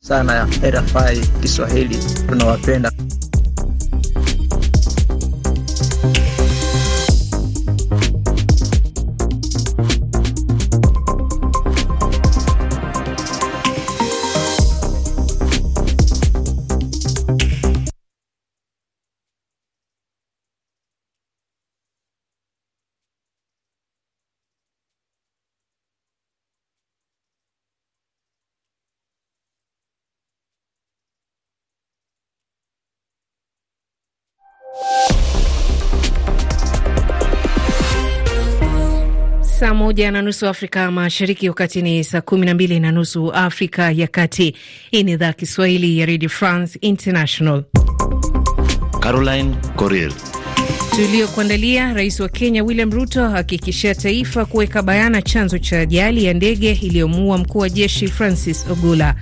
sana ya RFI Kiswahili, tunawapenda. Saa moja na nusu Afrika Mashariki, wakati ni saa kumi na mbili na nusu Afrika ya Kati. Hii ni idhaa Kiswahili ya Radio France International. Caroline Corel tuliokuandalia. Rais wa Kenya William Ruto hakikishia taifa kuweka bayana chanzo cha ajali ya ndege iliyomuua mkuu wa jeshi Francis Ogula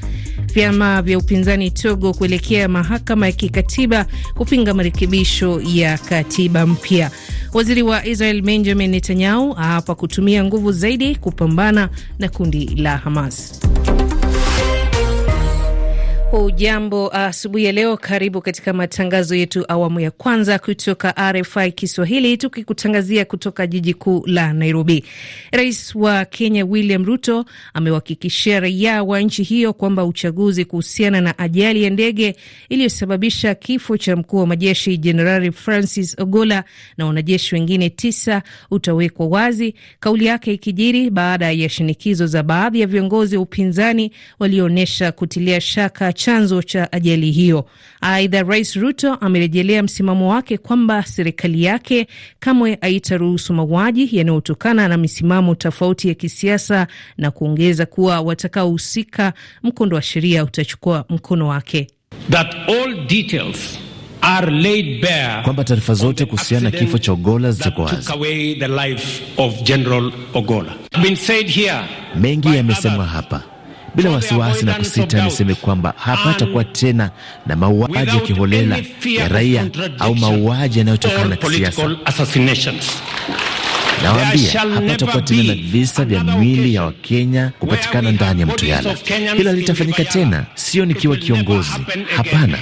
vyama vya upinzani Togo kuelekea mahakama ya kikatiba kupinga marekebisho ya katiba mpya. Waziri wa Israel Benjamin Netanyahu aapa kutumia nguvu zaidi kupambana na kundi la Hamas. Ujambo uh, asubuhi ya leo. Karibu katika matangazo yetu awamu ya kwanza kutoka RFI Kiswahili, tukikutangazia kutoka jiji kuu la Nairobi. Rais wa Kenya William Ruto amewahakikishia raia wa nchi hiyo kwamba uchaguzi kuhusiana na ajali ya ndege iliyosababisha kifo cha mkuu wa majeshi Jenerali Francis Ogola na wanajeshi wengine tisa utawekwa wazi, kauli yake ikijiri baada ya shinikizo za baadhi ya viongozi wa upinzani walioonyesha kutilia shaka chanzo cha ajali hiyo. Aidha, Rais Ruto amerejelea msimamo wake kwamba serikali yake kamwe haitaruhusu mauaji yanayotokana na misimamo tofauti ya kisiasa na kuongeza kuwa watakaohusika, mkondo wa sheria utachukua mkono wake That all details kwamba taarifa zote kuhusiana na kifo cha Ogola ziko wazi. Mengi yamesemwa hapa bila wasiwasi na kusita, niseme kwamba hapatakuwa tena na mauaji ya kiholela ya raia au mauaji yanayotokana na kisiasa. Nawaambia hapatakuwa tena na visa vya mwili ya Wakenya kupatikana ndani ya mto Yala. Hilo litafanyika tena, sio nikiwa kiongozi, hapana.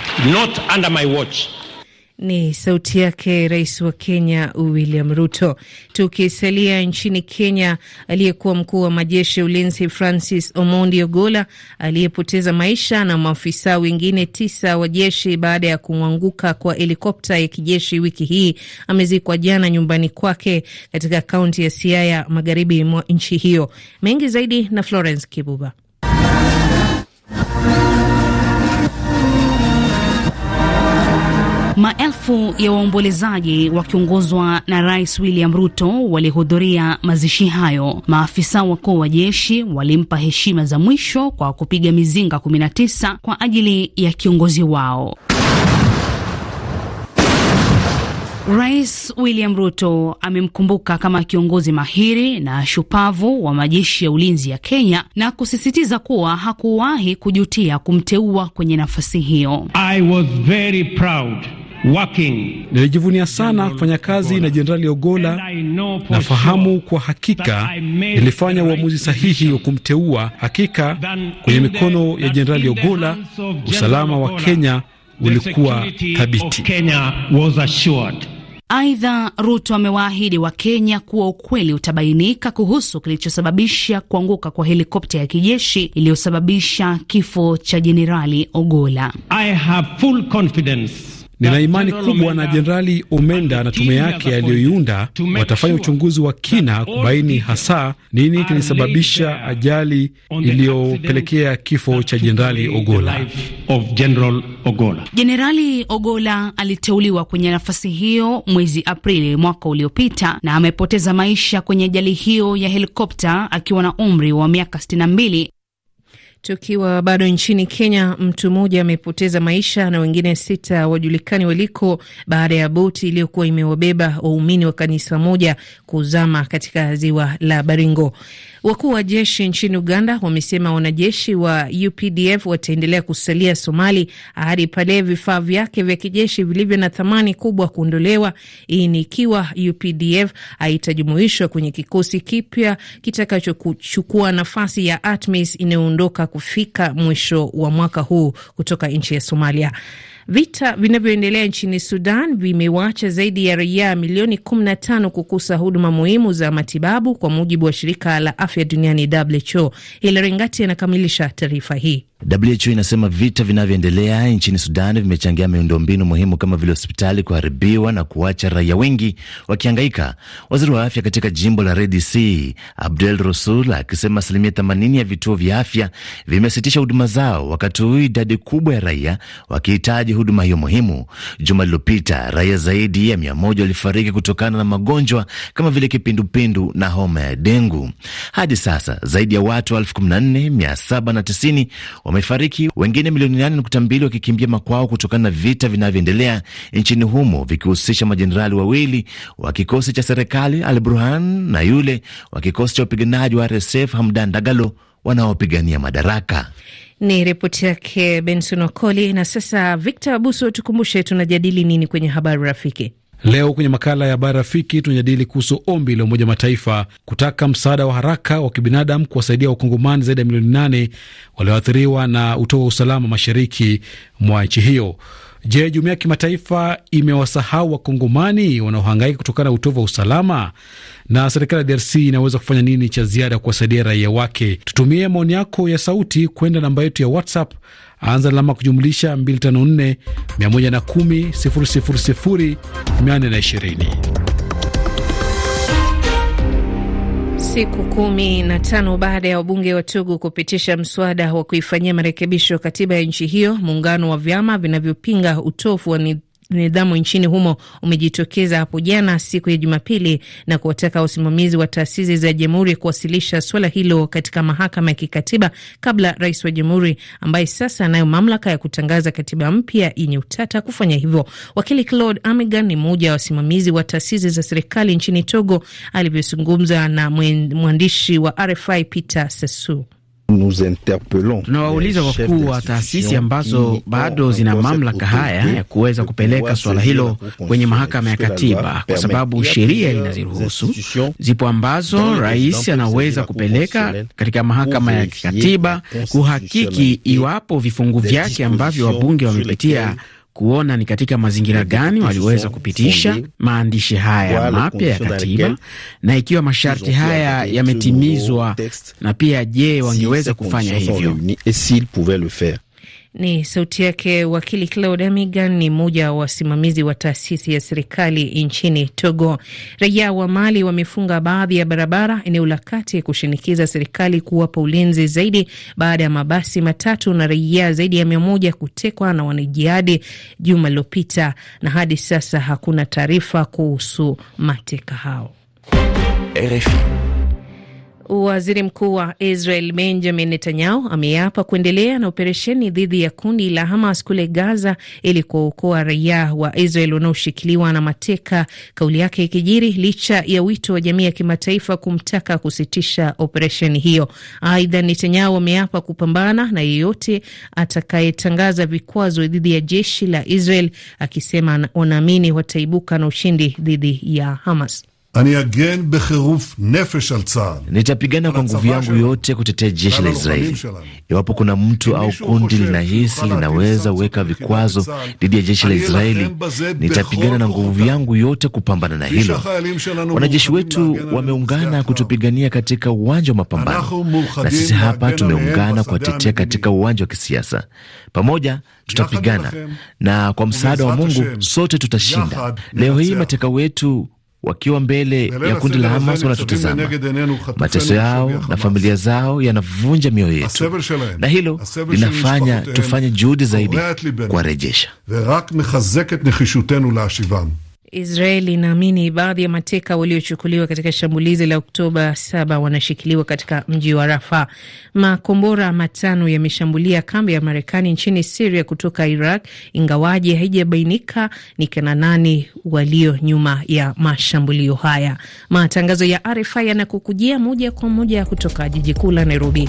Ni sauti yake rais wa Kenya William Ruto. Tukisalia nchini Kenya, aliyekuwa mkuu wa majeshi ya ulinzi Francis Omondi Ogola aliyepoteza maisha na maafisa wengine tisa wa jeshi baada ya kumwanguka kwa helikopta ya kijeshi wiki hii amezikwa jana nyumbani kwake katika kaunti ya Siaya, magharibi mwa nchi hiyo. Mengi zaidi na Florence Kibuba. Maelfu ya waombolezaji wakiongozwa na Rais William Ruto walihudhuria mazishi hayo. Maafisa wakuu wa jeshi walimpa heshima za mwisho kwa kupiga mizinga 19 kwa ajili ya kiongozi wao. Rais William Ruto amemkumbuka kama kiongozi mahiri na shupavu wa majeshi ya ulinzi ya Kenya na kusisitiza kuwa hakuwahi kujutia kumteua kwenye nafasi hiyo. I was very proud Nilijivunia sana kufanya kazi na Jenerali Ogola. Nafahamu kwa hakika nilifanya uamuzi sahihi wa kumteua. Hakika kwenye mikono ya Jenerali Ogola usalama wa Kenya ulikuwa thabiti. Aidha, Ruto amewaahidi Wakenya kuwa ukweli utabainika kuhusu kilichosababisha kuanguka kwa helikopta ya kijeshi iliyosababisha kifo cha Jenerali Ogola. I have full confidence Nina imani kubwa na Jenerali Omenda na tume yake aliyoiunda watafanya uchunguzi wa kina kubaini hasa nini kilisababisha ajali iliyopelekea kifo cha Jenerali Ogola. Jenerali Ogola aliteuliwa kwenye nafasi hiyo mwezi Aprili mwaka uliopita na amepoteza maisha kwenye ajali hiyo ya helikopta akiwa na umri wa miaka 62 Tukiwa bado nchini Kenya, mtu mmoja amepoteza maisha na wengine sita wajulikani waliko baada ya boti iliyokuwa imewabeba waumini wa kanisa moja kuzama katika ziwa la Baringo. Wakuu wa jeshi nchini Uganda wamesema wanajeshi wa UPDF wataendelea kusalia Somali hadi pale vifaa vyake vya kijeshi vilivyo na thamani kubwa kuondolewa. Hii ni ikiwa UPDF haitajumuishwa kwenye kikosi kipya kitakachochukua nafasi ya ATMIS inayoondoka kufika mwisho wa mwaka huu kutoka nchi ya Somalia. Vita vinavyoendelea nchini Sudan vimewacha zaidi ya raia milioni 15 kukosa huduma muhimu za matibabu, kwa mujibu wa shirika la afya duniani WHO. Hilary Ngati anakamilisha taarifa hii. WHO inasema vita vinavyoendelea nchini Sudan vimechangia miundombinu muhimu kama vile hospitali kuharibiwa na kuacha raia wengi wakihangaika. Waziri wa afya katika jimbo la Red Sea Abdel Rasul akisema asilimia 80 ya vituo vya afya vimesitisha huduma zao, wakati huu idadi kubwa ya raia wakihitaji huduma hiyo muhimu. Juma lililopita raia zaidi ya 100 walifariki kutokana na magonjwa kama vile kipindupindu na homa ya dengu. Hadi sasa zaidi ya watu 14790 wamefariki, wengine milioni nane nukta mbili wakikimbia makwao kutokana na vita vinavyoendelea nchini humo vikihusisha majenerali wawili wa kikosi cha serikali Al Burhan na yule wa kikosi cha upiganaji wa RSF Hamdan Dagalo wanaopigania madaraka. Ni ripoti yake Benson Okoli. Na sasa Victor Abuso, tukumbushe tunajadili nini kwenye habari rafiki? Leo kwenye makala ya habari rafiki, tunajadili kuhusu ombi la Umoja Mataifa kutaka msaada wa haraka wa kibinadamu kuwasaidia wakongomani zaidi ya milioni nane walioathiriwa na utovu wa usalama mashariki mwa nchi hiyo. Je, jumuiya ya kimataifa imewasahau wakongomani wanaohangaika kutokana na utovu wa usalama? Na serikali ya DRC inaweza kufanya nini cha ziada kuwasaidia raia wake? Tutumie maoni yako ya sauti kwenda namba yetu ya WhatsApp, anza alama kujumlisha 254 110 000 420. Siku kumi na tano baada ya wabunge wa Togo kupitisha mswada wa kuifanyia marekebisho katiba ya nchi hiyo, muungano wa vyama vinavyopinga utovu wa nidhamu nchini humo umejitokeza hapo jana siku ya Jumapili na kuwataka wasimamizi wa taasisi za jamhuri kuwasilisha suala hilo katika mahakama ya kikatiba kabla rais wa jamhuri ambaye sasa anayo mamlaka ya kutangaza katiba mpya yenye utata kufanya hivyo. Wakili Claude Amigan ni mmoja wa wasimamizi wa taasisi za serikali nchini Togo, alivyozungumza na mwandishi wa RFI Peter sasu Tunawauliza wakuu wa taasisi ambazo bado zina mamlaka haya ya kuweza kupeleka suala hilo kwenye mahakama ya katiba, kwa sababu sheria inaziruhusu. Zipo ambazo rais anaweza kupeleka katika mahakama ya katiba kuhakiki iwapo vifungu vyake ambavyo wabunge wamepitia kuona ni katika mazingira gani waliweza kupitisha maandishi haya mapya ya katiba na ikiwa masharti haya yametimizwa, na pia je, wangeweza kufanya hivyo? Ni sauti yake wakili Claude Amigan, ni mmoja wa wasimamizi wa taasisi ya serikali nchini Togo. Raia wa Mali wamefunga baadhi ya barabara eneo la kati kushinikiza serikali kuwapa ulinzi zaidi baada ya mabasi matatu na raia zaidi ya mia moja kutekwa na wanajihadi juma lilopita, na hadi sasa hakuna taarifa kuhusu mateka hao. RFI. Waziri mkuu wa Israel Benjamin Netanyahu ameapa kuendelea na operesheni dhidi ya kundi la Hamas kule Gaza ili kuwaokoa raia wa Israel wanaoshikiliwa na mateka, kauli yake ikijiri licha ya wito wa jamii ya kimataifa kumtaka kusitisha operesheni hiyo. Aidha, Netanyahu ameapa kupambana na yeyote atakayetangaza vikwazo dhidi ya jeshi la Israel, akisema wanaamini wataibuka na ushindi dhidi ya Hamas. Nitapigana kwa nguvu yangu yote kutetea jeshi la Israeli. Iwapo kuna mtu au kundi linahisi linaweza weka vikwazo dhidi ya jeshi la Israeli, nitapigana na nguvu yangu yote kupambana na hilo. Wanajeshi wetu wameungana kutupigania katika uwanja wa mapambano, na sisi hapa tumeungana kuwatetea katika uwanja wa kisiasa. Pamoja tutapigana, na kwa msaada wa Mungu sote tutashinda. Leo hii mateka wetu wakiwa mbele ya kundi la Hamas wanatutazama. Mateso yao na familia zao yanavunja mioyo yetu, na hilo linafanya tufanye juhudi zaidi kuwarejesha. Israeli inaamini baadhi ya mateka waliochukuliwa katika shambulizi la Oktoba 7 wanashikiliwa katika mji wa Rafa. Makombora matano yameshambulia kambi ya Marekani nchini Siria kutoka Iraq, ingawaje haijabainika ni kina nani walio nyuma ya mashambulio haya. Matangazo ya RFI yanakukujia moja kwa moja kutoka jiji kuu la Nairobi.